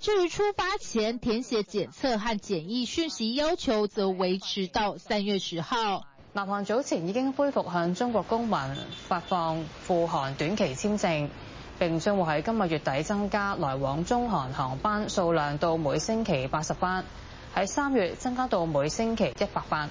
至於出發前填寫檢測和檢疫訊息要求則維持到三月十號。南韓早前已經恢復向中國公民發放赴韓短期簽證，並將會喺今個月底增加來往中韓航班數量到每星期八十班，喺三月增加到每星期一百班。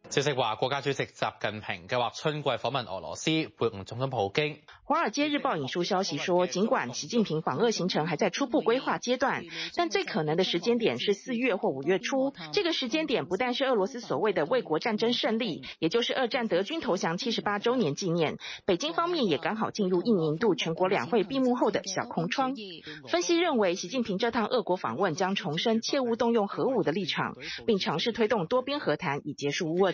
消息話，國家主席習近平計劃春季訪問俄羅斯，會晤總統普京。《華爾街日報》引述消息說，儘管習近平訪俄行程還在初步規劃階段，但最可能的時間點是四月或五月初。這個時間點不但是俄羅斯所謂的衛國戰爭勝利，也就是二戰德軍投降七十八週年紀念，北京方面也剛好進入一年一度全國兩會閉幕後的小空窗。分析認為，習近平這趟俄國訪問將重申切勿動用核武的立場，並嘗試推動多邊和談以結束烏